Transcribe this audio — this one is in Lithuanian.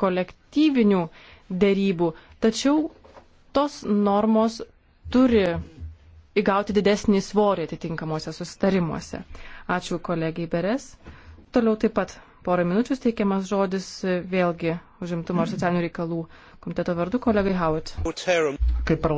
kolektyvinių dėrybų. Tačiau tos normos turi įgauti didesnį svorį atitinkamuose susitarimuose. Ačiū kolegijai Beres. Toliau taip pat porą minučių steikiamas žodis vėlgi užimtumo ir socialinių reikalų komiteto vardu kolegai Howitt. Kaip